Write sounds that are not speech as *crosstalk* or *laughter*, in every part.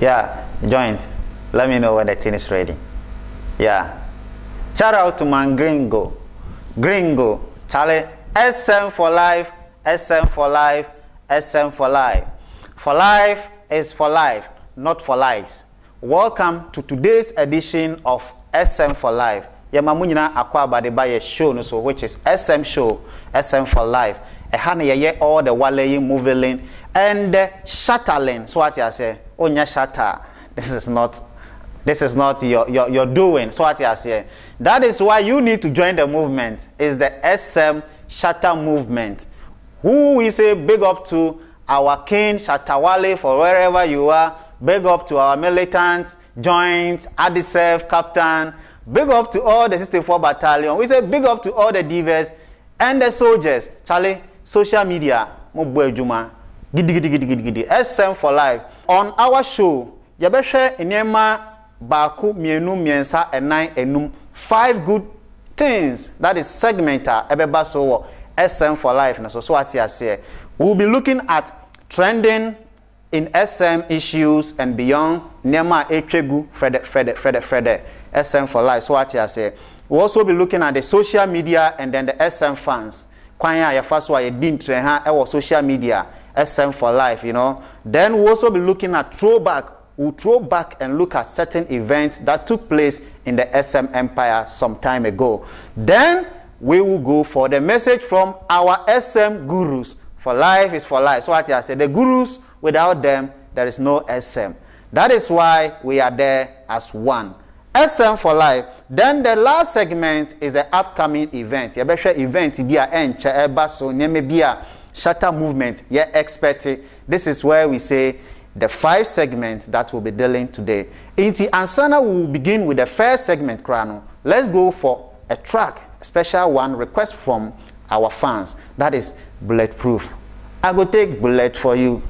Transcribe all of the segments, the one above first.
Yeah, joint. Let me know when the thing is ready. Yeah. Shout out to man Gringo. Gringo. Charlie. SM for life. SM for life. SM for life. For life is for life, not for likes. Welcome to today's edition of SM for life. Yɛma akwa nyinaa akɔ abadeba yɛ show no so which is SM show, SM for life. Ɛha na yɛyɛ all the wale yi moving and uh, shuttling so what you say onya oh, shatter this is not this is not your your, your doing so what you say that is why you need to join the movement is the sm shatter movement who we say big up to our king shatawale for wherever you are big up to our militants joint adisef captain big up to all the 64 battalion we say big up to all the divers and the soldiers charlie social media mo gbọ́ ẹ̀dùnmá gidigidigidigidi sm for life on our show yɛbɛhwɛ nneɛma baako mmienu mmiɛnsa ɛnan enum five good things that is segment a ɛbɛba so wɔ sm for life na so so ate aseɛ we will be looking at trending in sm issues and beyond nneɛma a ɛtwa gu fɛdɛ fɛdɛ fɛdɛ fɛdɛ sm for life so ate aseɛ we will also be looking at the social media and then the sm fans kwan a yɛfa so a yɛdi ntrɛ ha ɛwɔ social media. SM for life, you know. Then we'll also be looking at throwback. We'll throw back and look at certain events that took place in the SM empire some time ago. Then we will go for the message from our SM gurus. For life is for life. So what I said, the gurus, without them, there is no SM. That is why we are there as one. SM for life. Then the last segment is the upcoming event. Yɛbɛhwɛ event be a ɛnkyɛ ɛba so nneɛma a shutter movement, yeah, expert. This is where we say the five segments that we'll be dealing today. Inti Ansana will begin with the first segment, Krano. Let's go for a track, a special one request from our fans. That is bulletproof. I will take bullet for you.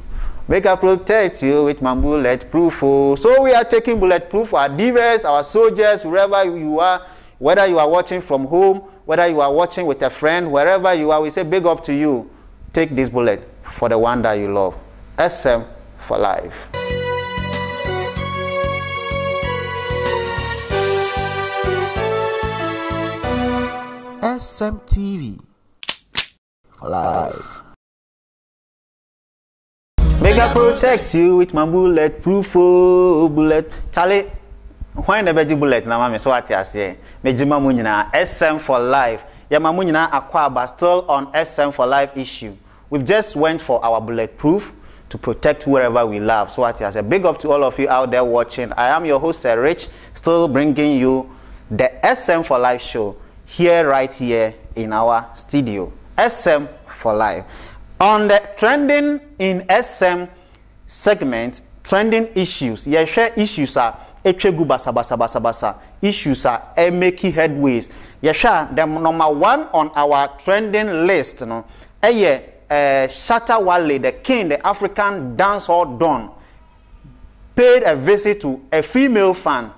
Make I protect you with my bulletproof. Oh. So we are taking bulletproof our divers, our soldiers, wherever you are, whether you are watching from home, whether you are watching with a friend, wherever you are, we say big up to you. Take this bullet for the one that you love. SM for life. SMTV for life. I protect you with my bullet proof oh bullet. Charlie, why never do bullet Now, mommy, so what you say? Me jima mu nyina SM for life yɛma mo nyinaa akɔ aba still on sm for life issue We've just went for our bulletproof to protect wherever we love so I say, big up to all of you out there watching i am your host sir rich still bringing you the sm for life show here right here in our studio sm for life on the trending in sm segment trending issues share issues a ɛtwa gu basabasabasabasa issues are making headways yɛhwɛ a the number one on our trending list no ɛyɛ ɛɛ eh, shatta wale the king the african dancehall don paid a visit to a female fan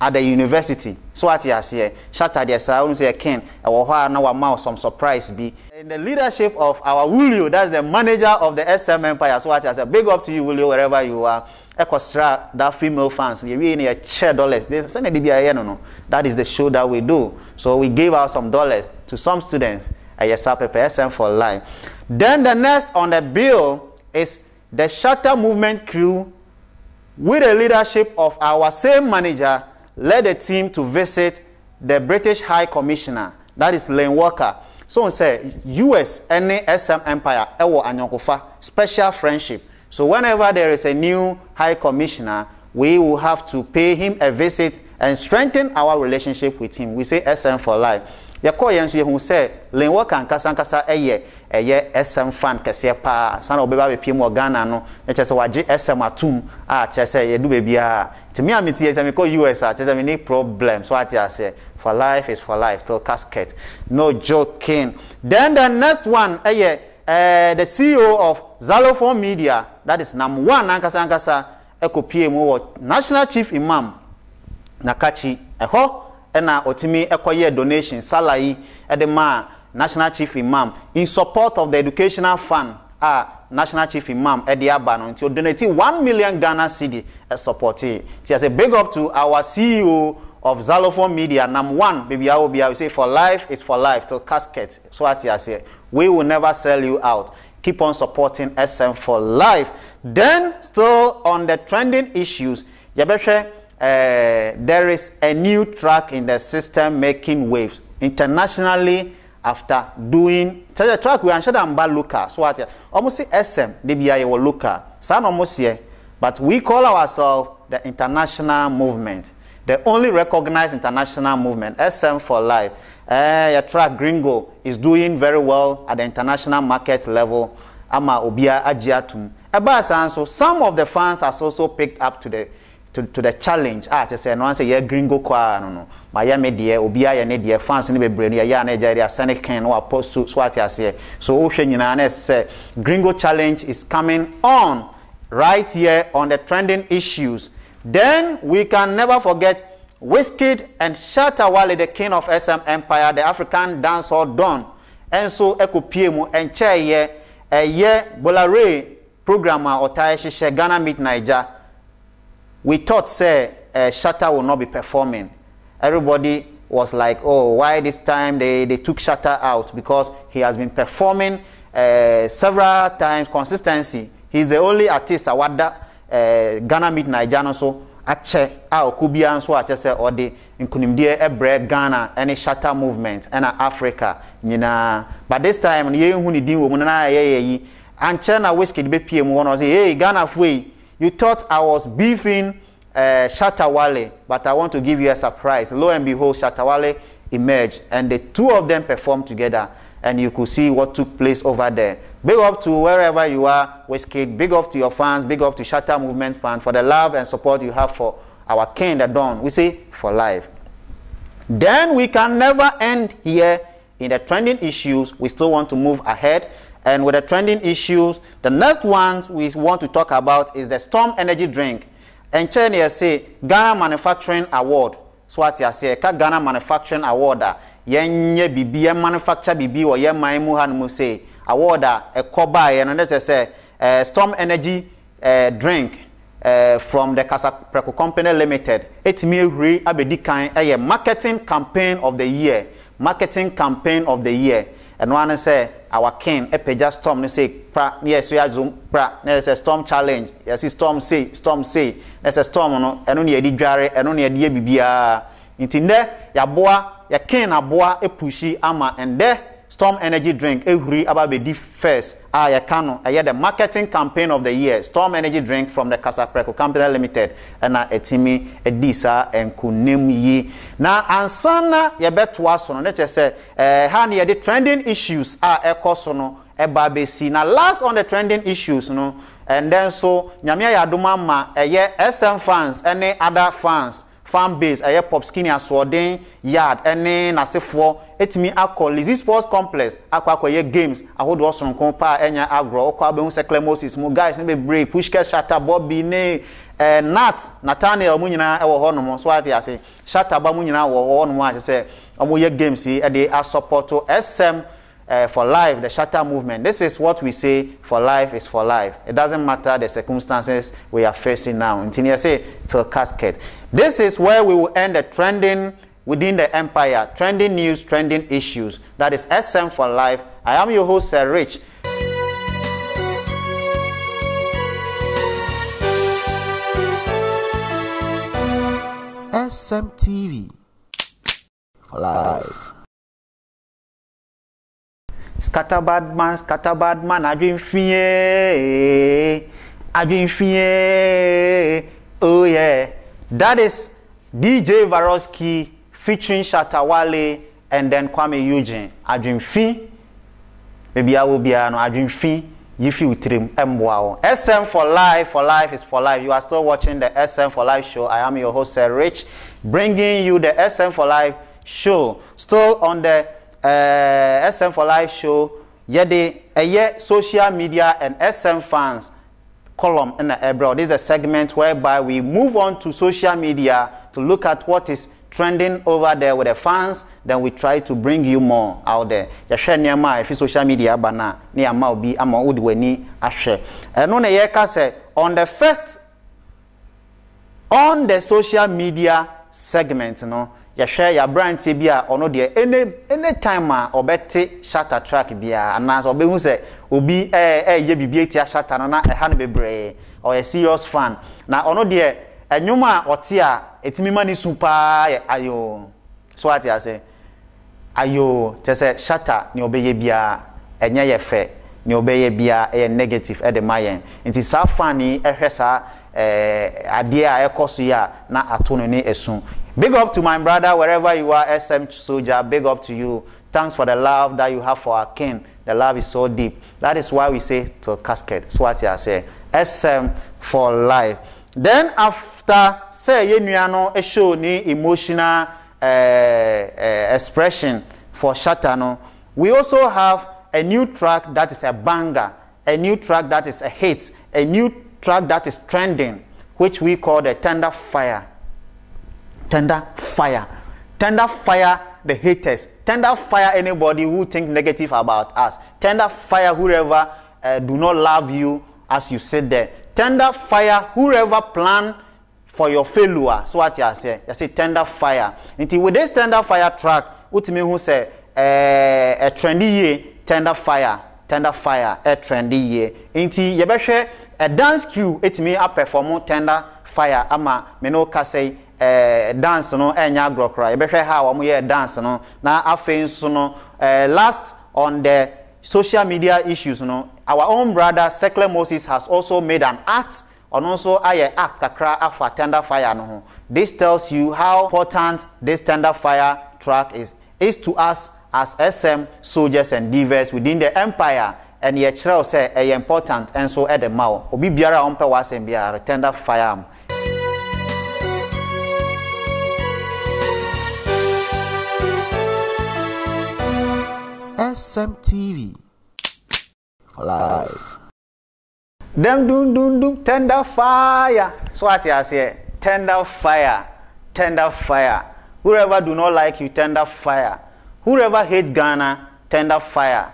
at the university so ate aseɛ shatter deɛ saa wɔn sɛ yɛ ken ɛwɔ hɔ a na wama some surprise bi. in the leadership of our wulio that's the manager of the sm empire so ate aseɛ big up to you wulio wherever you are ɛkɔsra that female fans yɛ wie na yɛ kyɛ dollars de sɛnɛ de bi a no no that is the show that we do so we give out some dollars to some students ɛyɛ saa pɛpɛ sm for life then the next on the bill is the shatter movement crew with the leadership of our same manager led a team to visit the British High Commissioner, that is Lane Walker. So on say US any SM Empire, Ewo Anyankofa, special friendship. So whenever there is a new High Commissioner, we will have to pay him a visit and strengthen our relationship with him. We say SM for life. yɛkɔɔ yɛn nso yɛhu sɛ len wɔ kankasankasa ɛyɛ ɛyɛ sm fan kɛseɛ paa sana wɔbɛba bɛpie mu wɔ ghana no ɛkyɛ sɛ wagye sm atum a kyerɛ sɛ yɛdu baabiara tìmí àmì tiẹ̀ sẹ́mi kọ́ us àti sẹ́mi ní problem so àti àṣẹ for life is for life till casket no joking then the next one ẹ yẹ uh, the ceo of Zalophone Media that is number one ankasa ankasa ẹ kò pie mu wọ national chief imam Nakachi ẹhọ ẹna ọtìmí ẹkọ yẹ donation salary ẹdẹ maa national chief imam in support of the educational fund a national chief imam ɛde aba no nti o donate one million ghana cedi ɛsupɔte eh, ti say big up to our ceo of zalophone media nam one baby awo bi awo say for life is for life to casket so ati say we will never sell you out keep on supporting sm for life then still on the trending issues yabɛhwɛ ɛɛ uh, eh, there is a new track in the system making waves internationally after doing sɛ sɛ track wei anhyɛ da mba local so wate ɔmo si sm de bia yɛwɔ local saa na ɔmo seɛ but we call ourselves the international movement the only recognized international movement sm for life ɛɛ eh, yɛ track gringo is doing very well at the international market level ama obia agye atum ɛbaa saa nso some of the fans has also picked up to the to, to the challenge a kyerɛ sɛ ɛno ansɛ yɛ gringo kɔ ara no no miami deɛ obi ayɛ ne deɛ fans no bebree no yɛyɛ a na agya de asɛne ken no wapɔ so so ate aseɛ so wohwɛ nyinaa na ɛsɛ gringo challenge is coming on right here on the trending issues then we can never forget Wizkid and Shatta Wale the king of SM Empire the African dancehall don nso ekopie mu nkyɛn yɛ ɛyɛ bolare program a ɔtaa hyehyɛ Ghana Meet Naija we thought say uh, eh, Shatta will not be performing everybody was like, oh, why this time they, they took Shatter out? Because he has been performing uh, several times consistency. He's the only artist awada uh, Ghana meet Nigeria so akyɛ a ɔkubia nso se sɛ ɔde nkunimdie ɛbrɛ Ghana any Shatter movement ɛna Africa nyinaa but this time ye yɛnhu ni din wɔ mu na ye yi ankyɛ na Wizkid be PM. One na ɔsɛ hey Ghana, yi you thought I was beefing uh, Shatawale, but I want to give you a surprise. Lo and behold, Shatawale emerged, and the two of them performed together, and you could see what took place over there. Big up to wherever you are, Westgate. Big up to your fans. Big up to Shatta Movement fans for the love and support you have for our King the Dawn. We say for life. Then we can never end here in the trending issues. We still want to move ahead. And with the trending issues, the next ones we want to talk about is the Storm Energy Drink ɛnkyɛn ne yɛse ghana manufacturing award so ate aseɛ ɛka ghana manufacturing award a yɛnyɛ biribi yɛn manufacture biribi wɔ yɛn man mu hanom se award a ɛkɔ baeɛ no ne kyerɛ sɛ ɛɛ storm energy ɛɛ eh, drink ɛɛ eh, from the kasapreko company limited etimi ehuri abedi kan ɛyɛ eh, marketing campaign of the year marketing campaign of the year ɛnoa ne sɛ our king ɛpɛgya storm ne se pra ne yɛsɛ yɛazom pra ne yɛsɛ storm challenge yɛsi e storm se storm se ne sɛ storm no ɛno ne yɛde dware ɛno ne yɛde yɛ bibiara nti nnɛ yɛaboa yɛ king na aboa epusi ama ɛndɛ storm energy drink ehuri aba di first a yɛka no ɛyɛ the marketing campaign of the year storm energy drink from the casapreco Company limited ɛna ɛtumi ɛdi saa nkonim yi na ansan na yɛbɛtoa so no ne kyerɛ sɛ ɛɛ ha ne yɛde trending issues a ɛkɔ so no ɛba abɛsi na last on the trending issues no ɛndɛ nso nyame ayɛ adom ama ɛyɛ sm fans ɛne other fans fan base ɛyɛ pop skinny asoɔden yard ɛne n'asefoɔ etumi akɔ lizzy sports complex akɔ akɔyɛ games ahodoɔ soronko paa ɛnya agorɔ ɔkɔ abɛhu sɛ clemosis mu guys ne bebree pushkɛ shata bɔbi ne ɛɛ eh, nat nathaniel mu nyinaa ɛwɔ hɔnom so ate ase shata ba mu nyinaa wɔ hɔnom ase kyerɛ sɛ wɔyɛ games yi ɛde asɔpɔto sm uh, eh, for life, the shatter movement. This is what we say for life is for life. It doesn't matter the circumstances we are facing now. Until you say till casket. This is where we will end the trending within the empire, trending news, trending issues. That is SM for Life. I am your host, Sir Rich. SMTV for life. Scatterbird man, scatterbird man, adwinfie, adwinfie, oh yeah. That is DJ Varosky featuring Shatawale and then Kwame Eugene I will be wobiara no adwemfi yifi utirim mboa wo SM for life for life is for life you are still watching the SM for life show I am your host Sir Rich bringing you the SM for life show still on the uh, SM for life show yɛde ɛyɛ uh, social media and SM fans column in the abroad. this is a segment whereby we move on to social media to look at what is trending over there with the fans then we try to bring you more out there yɛhwɛ nneɛma a ɛfi social media aba no a ne yɛama obi ama wode w'ani ahwɛ ɛno na yɛka sɛ on the first on the social media segment no yɛhwɛ yɛaberanteɛ bi a ɔno deɛ any any time a ɔbɛte shatter track biara anaasɛ ɔbɛhu sɛ obi ɛɛyɛ biribi atia shatter no na ɛha no bebree ɔyɛ serious fan na ɔno deɛ ɛnwom a ɔte a ɛtumi ma ne su paa yɛ ayoo so ate ase ayoo kyɛ sɛ shata ne ɔbɛyɛ biara ɛnyɛ yɛ fɛ ne ɔbɛyɛ biara ɛyɛ negative ɛde ma yɛn nti saa fani ɛhwɛ saa ɛɛ adeɛ a ɛkɔ so yi a na ato no ne ɛsu big up to my brother wherever you are sm soldier big up to you thanks for the love that you have for our king the love is so deep that is why we say to casket so ate ase sm for life then after sɛ yɛ nua no e show ne emotional uh, uh, expression for shatter no we also have a new track that is a banger a new track that is a hit a new track that is trending which we call the tender fire tender fire tender fire the haters tender fire anybody who think negative about us tender fire whoever uh, do not love you as you sit there tender fire whoever plan for your failure so what yà say? yà say tender fire nti with this tender fire track wotumi hu sẹ ẹẹ ẹ trendy ye tender fire tender fire ẹ trendy ye. nti yẹ bẹ hwẹ ẹ dance crew a perform tender fire ama mẹ no kasa yi eh, dance no ɛnyɛ eh, agorɔ koraa yɛbɛhwɛ ha a wɔn yɛ dance no na afei nso no eh, last on the social media issues no our own brother secular moses has also made an act and also ayɛ act kakra afa tender fire no ho this tells you how important this tender fire track is is to us as sm soldiers and divers within the empire and yɛkyerɛ wo sɛ ɛyɛ important nso ɛde ma wo obi biara a ɔmpɛ w'asɛm biara tender fire am SMTV live. Dem dum dum dum tender fire. So what you say? Tender fire, tender fire. Whoever do not like you, tender fire. Whoever hate Ghana, tender fire.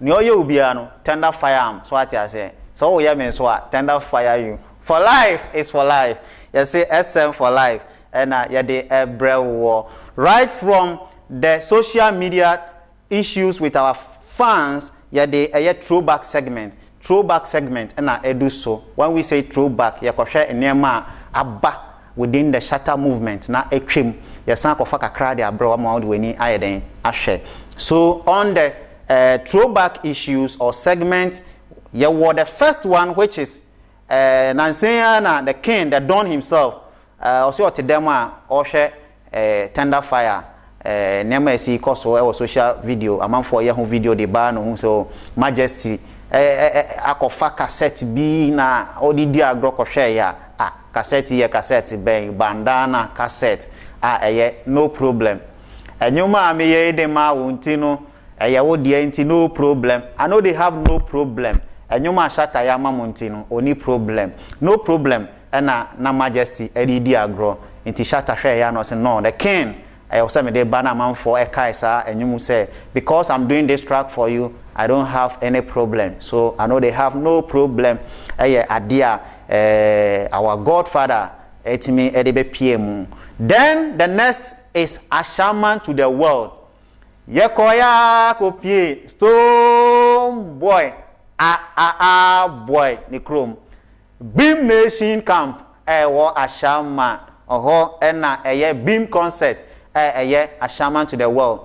Ni oye ubia no, tender fire am. So what you say? So we oye me so tender fire you. For life is for life. You say SM for life. And uh, you the Ebre war. Right from the social media issues with our fans yɛde ɛyɛ throwback segment throwback segment ɛna ɛdu so when we say throwback yɛkɔhwɛ nneɛma a aba within the shutter movement na atwam yɛsan akɔfa kakra de abrɛ wɔn a wɔde wɔn ani ayɛ den ahwɛ so on the uh, throwback issues or segment yɛwɔ the first one which is uh, na the king the don himself eh, ɔsi uh, ɔte dɛm a ɔhwɛ tender fire. eh, nneɛma esi kɔ so ɛwɔ social video amanfoɔ yɛ ho video de baa no ho so majesty ɛɛ akɔfa cassette bi na ɔde di agorɔ kɔhwɛ yɛ a cassette yɛ cassette bɛn bandana cassette a ɛyɛ no problem ɛnneɛma a meyɛ yi de ma wɔn ti no ɛyɛ wo deɛ nti no problem i no dey have no problem ɛnneɛma ahyata yɛ ama mo nti no oni problem no problem ɛna na majesty ɛde di agorɔ nti shata hwɛ yɛ a na no the king. ɛwɔ sɛ mede ba no amanfoɔ ɛkae saa ɛnwom sɛ because i'm doing this track for you i don't have any problem so i know they have no problem ɛyɛ adeɛ a our godfather ɛtumi ɛde bɛpie mu then the next is ashaman to the world yɛkɔya kɔpie stone boy aaa boy ne kurom beam nation camp ɛwɔ ashama ɔhɔ ɛna ɛyɛ beam concert ɛyɛ ahyaman to the world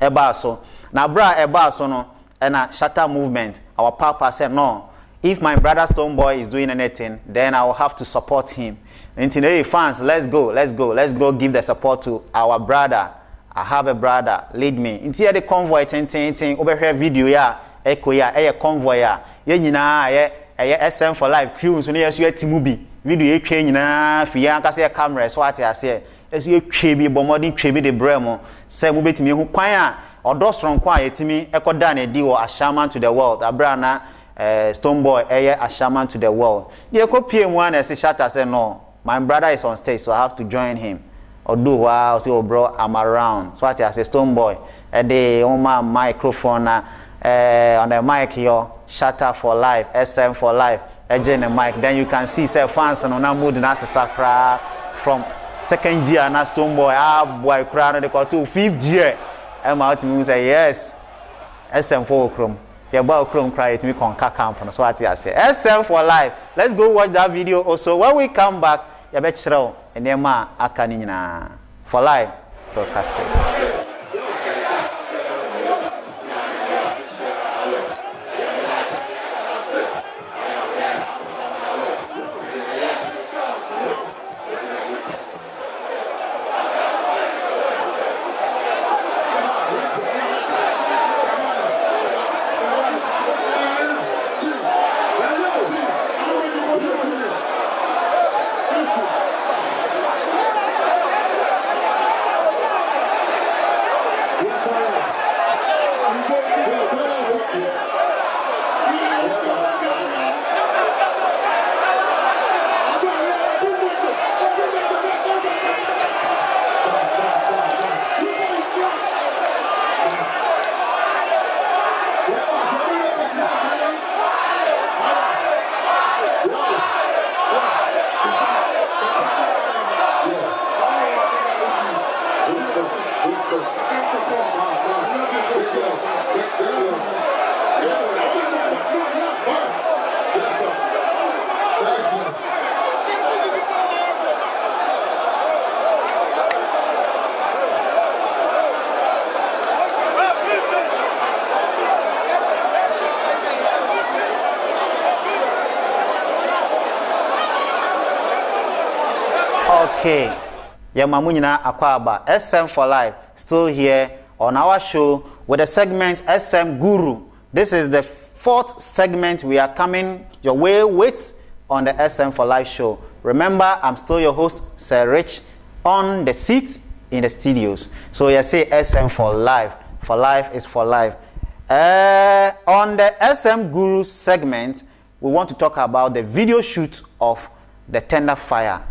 ɛbaa so na abira a ɛbaa so no ɛna shatter movement our papa sɛ no if my brother stone boy is doing anything then i will have to support him nti na hey fans let's go let's go let's go give the support to our brother i have a brother lead me nti yɛ de convoy tententen wobɛhwɛ video yi a ɛkɔ yi a ɛyɛ convoy a yɛn nyinaa ɛyɛ ɛyɛ sm for life crew nso ne yɛ so yɛ ti mu bi video yɛ twɛ nyinaa fi yɛn ankasa yɛ camera so ate aseɛ ɛsɛ yɛtwe bi bɔ de twe bi de brɛ mo sɛ mobɛtumi ehu kwan a ɔdɔ soronko a yɛtumi ɛkɔda ne di wɔ ahyɛnman to the world abira na ɛɛ stone boy ɛyɛ ahyɛnman to the world deɛ ɛkɔ pie mu a na ɛsɛ shatter sɛ no my brother is on stage so i have to join him ɔdo hɔ a ɔsɛ ɔbrɔ oh, am around so ati ase stone boy ɛde ɔma microphone na ɛɛ on the mic yɔ shatter for life sm for life ɛgye ne mic then you can see sɛ fans no na mood na asesa koraa from second year na stone boy a ah, boy koraa no de kɔtoo fifth year ɛma wotumi hu sɛ yes sm4 wɔ kurom yɛbɔ kurom koraa yɛtumi kɔnka camp no so wate aseɛ sm for life let's go watch that video also when we come back yɛbɛkyerɛw nneɛma a aka no nyinaa for life to cascade Okay. Yeah, Akwaba, SM for Life, still here on our show with the segment SM Guru. This is the fourth segment we are coming your way with on the SM for Life show. Remember, I'm still your host, Sir Rich, on the seat in the studios. So you say SM for Life. For Life is for Life. Uh, on the SM Guru segment, we want to talk about the video shoot of the Tender Fire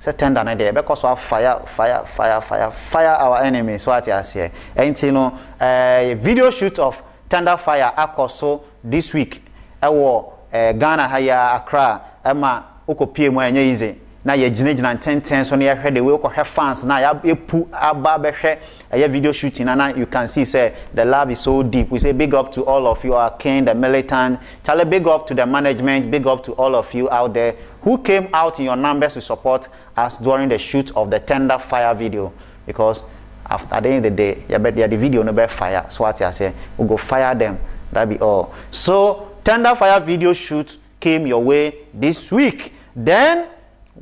sɛ tender no deɛ ɛbɛkɔ so afire fire fire fire fire our enemy so ate aseɛ ɛnti no ɛɛ video shoot of tender fire akɔ so this week ɛwɔ ɛɛ ghana ha yɛ accra ɛma okɔ pie mu a ɛnyɛ easy na yɛgyinagyina ntɛntɛn so na yɛhwɛ de wokɔhwɛ fans na yɛpu aba bɛhwɛ ɛyɛ video shooting na na you can see say the love is so deep we say big up to all of you our king the militant charlie big up to the management big up to all of you out there who came out in your numbers to support us during the shoot of the tender fire video because after, at the end of the day yɛbɛ the video no bɛ fire so what yɛ say we go fire them that be all so tender fire video shoot came your way this week then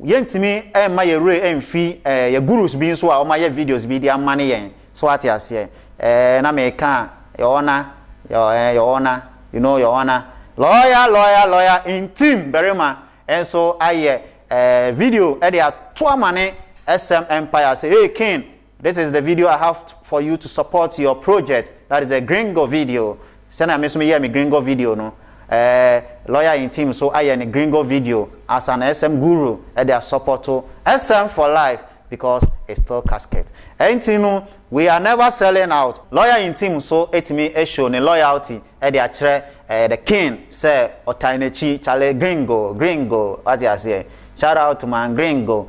yɛntumi ɛmma yɛ wura ɛmfi ɛɛ yɛ gurus bi nso a wɔayɛ videos bi de ama ne yɛn so ate aseɛ ɛɛ na mɛka yɛ ɔna yɛ ɛɛ yɛ ɔna you know yɛ ɔna lɔya lɔya lɔya ntim barima ɛnso ayɛ ɛɛ video ɛde ato ama ne sm empire say hey king this is the video i have for you to support your project that is a gringo video sɛnea mi nso yɛ mi gringo video no. Eh, lawyer in team so ayɛ ne gringo video as an sm guru ɛde eh, asupport to sm for life because it's still casket ɛnti eh, no we are never selling out lawyer in team so etimi eshow ne loyalty ɛde akyerɛ ɛɛ the king sɛ ɔtan n'akyi kyale gringo gringo wati aseɛ shout out to man gringo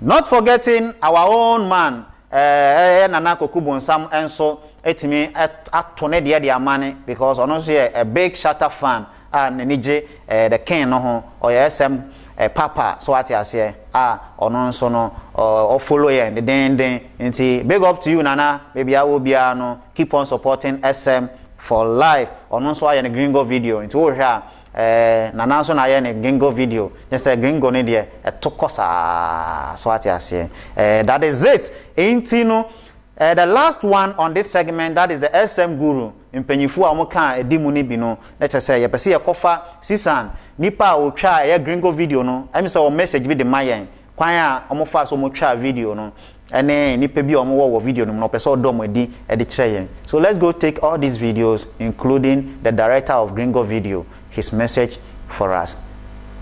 not forgetting our own man ɛɛ ɛyɛ nana koko bonsam ɛnso ɛtumi ato ne deɛ de ama ne because ɔno nso yɛ a big shutter fan a n'ani gye ɛɛ the king no ho ɔyɛ sm ɛɛ papa so ate aseɛ a ɔno nso no ɔɔ ɔfollow yɛn dendenden nti big up to you nana beebi awo biara no keep on supporting sm for life ɔno nso ayɛ ne gringo video nti wohwɛ a ɛɛ nana nso na ayɛ ne gringo video ne sɛ gringo ne deɛ ɛto kɔ saa so ate aseɛ ɛɛ that is it nti no. Uh, the last one on this segment that is the SM guru mpanyinfoɔ a wɔn ka ɛdi mu no bi no na kyerɛ sɛ yɛpɛ sɛ yɛkɔfa sisan nipa a wɔtwa ɛyɛ gringo video no ɛmi sɛ wɔn message bi de ma yɛn kwan a wɔfa so wɔtwa video no ɛne nipa bi a wɔwɔ wɔ video no mu na ɔpɛ sɛ ɔdɔ wɔn ɛde kyerɛ yɛn so let's go take all these videos including the director of gringo video his message for us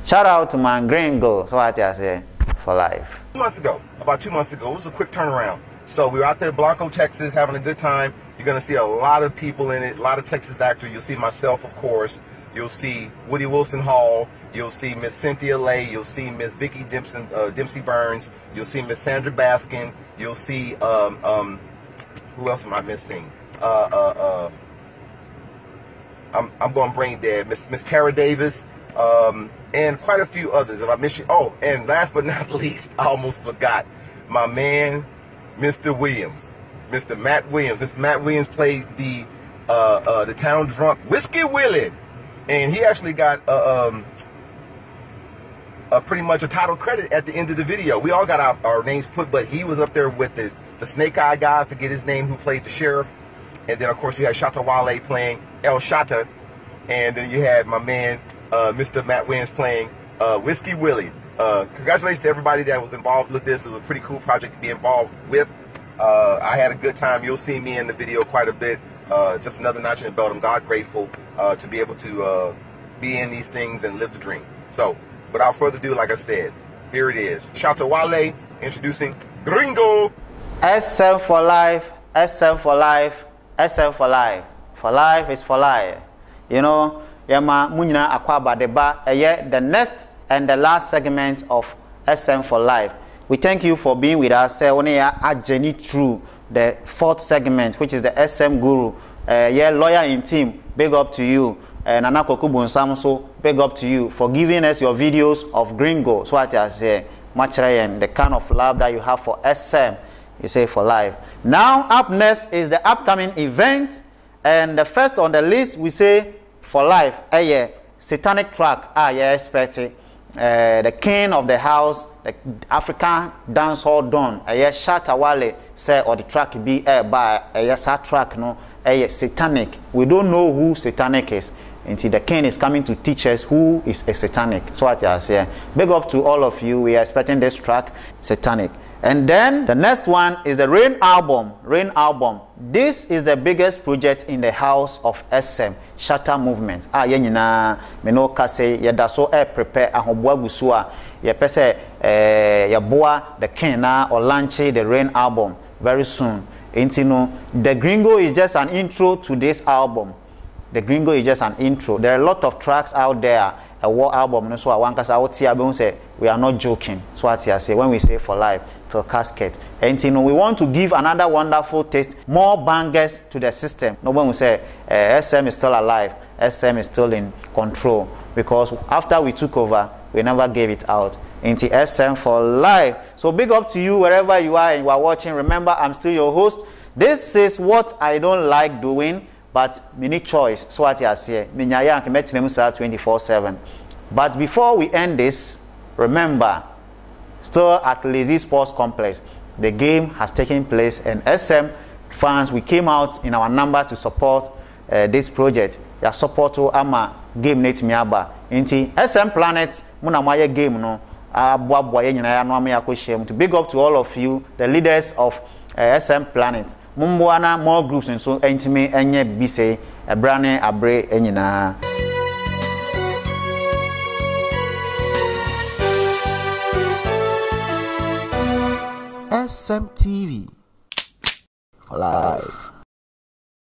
shout out to man gringo so i tell you for life. two months ago about two months ago it was a quick turnaround. So we were out there in Blanco, Texas, having a good time. You're going to see a lot of people in it, a lot of Texas actors. You'll see myself, of course. You'll see Woody Wilson Hall. You'll see Miss Cynthia Lay. You'll see Miss Vicky Dempsey, uh, Dempsey Burns. You'll see Miss Sandra Baskin. You'll see um, um, who else am I missing? Uh, uh, uh I'm, I'm going brain dead. Miss Miss Kara Davis. Um, and quite a few others. If I miss you, oh, and last but not *laughs* least, I almost forgot my man Mr. Williams, Mr. Matt Williams. Mr. Matt Williams played the uh, uh, the town drunk Whiskey Willie, and he actually got uh, um, a pretty much a title credit at the end of the video. We all got our, our names put, but he was up there with the the Snake Eye guy. I forget his name, who played the sheriff, and then of course you had Shatta Wale playing El Shatta, and then you had my man uh, Mr. Matt Williams playing uh, Whiskey Willie. Uh, congratulations to everybody that was involved with this. It was a pretty cool project to be involved with. Uh, I had a good time. You'll see me in the video quite a bit. Uh, just another notch in the belt. I'm God grateful uh, to be able to uh, be in these things and live the dream. So, without further ado, like I said, here it is. Shout to Wale introducing Gringo. SM for life, SM for life, SM for life. For life is for life. You know, yɛma mu nyinaa akɔ abadeba ɛyɛ the next and the last segment of sm for life we thank you for being with us sɛ wɔne yɛ agyani through the fourth segment which is the sm guru ɛyɛ uh, lawyer in team big up to you uh, nana koko bonsam so big up to you for giving us your videos of gringo so ati aseɛ makyerɛ yɛn the kind of love that you have for sm you say for life now up next is the upcoming event and the first on the list we say for life ɛyɛ satanic track a yɛ expect ɛɛ the king of the house the african dancehall don shout shatta say, or the track bi ɛɛba ɛyɛ saa track no ɛyɛ satanic we don't know who satanic is until the king is coming to teach us who is a satanic so what you are saying big up to all of you we are expecting this track satanic. And then the next one is the Rain album. Rain album. This is the biggest project in the house of SM Shutter Movement. Ah, yɛn nyinaa me no ka sɛ yɛda so ɛ eh, prepare ahoboa gu so a yɛpɛ sɛ ɛɛ eh, yɛboa the king or launch the Rain album very soon. Nti no the Gringo is just an intro to this album. The Gringo is just an intro. There are a lot of tracks out there ɛwɔ album no so a wankasa wote a bɛhu sɛ we are not joking so ate aseɛ when we say for life till casket ɛnti no we want to give another wonderful taste more bangers to the system na wobɛhu sɛ uh, eh, sm is still alive sm is still in control because after we took over we never gave it out into SM for life. So big up to you wherever you are and you are watching. Remember, I'm still your host. This is what I don't like doing but many choice so what you say me nyaya nke metena mu saa 24/7 but before we end this remember still at Lazy Sports Complex the game has taken place and SM fans we came out in our number to support uh, this project ya support to ama game net me aba nti SM Planet mu na game no aboaboa yɛ nyinaa ano ama yɛ akɔhyia mu big up to all of you the leaders of sm planet mumboa more groups so intimate. nso ntumi A bibi a ɛbra ne abere nyinaa smtv live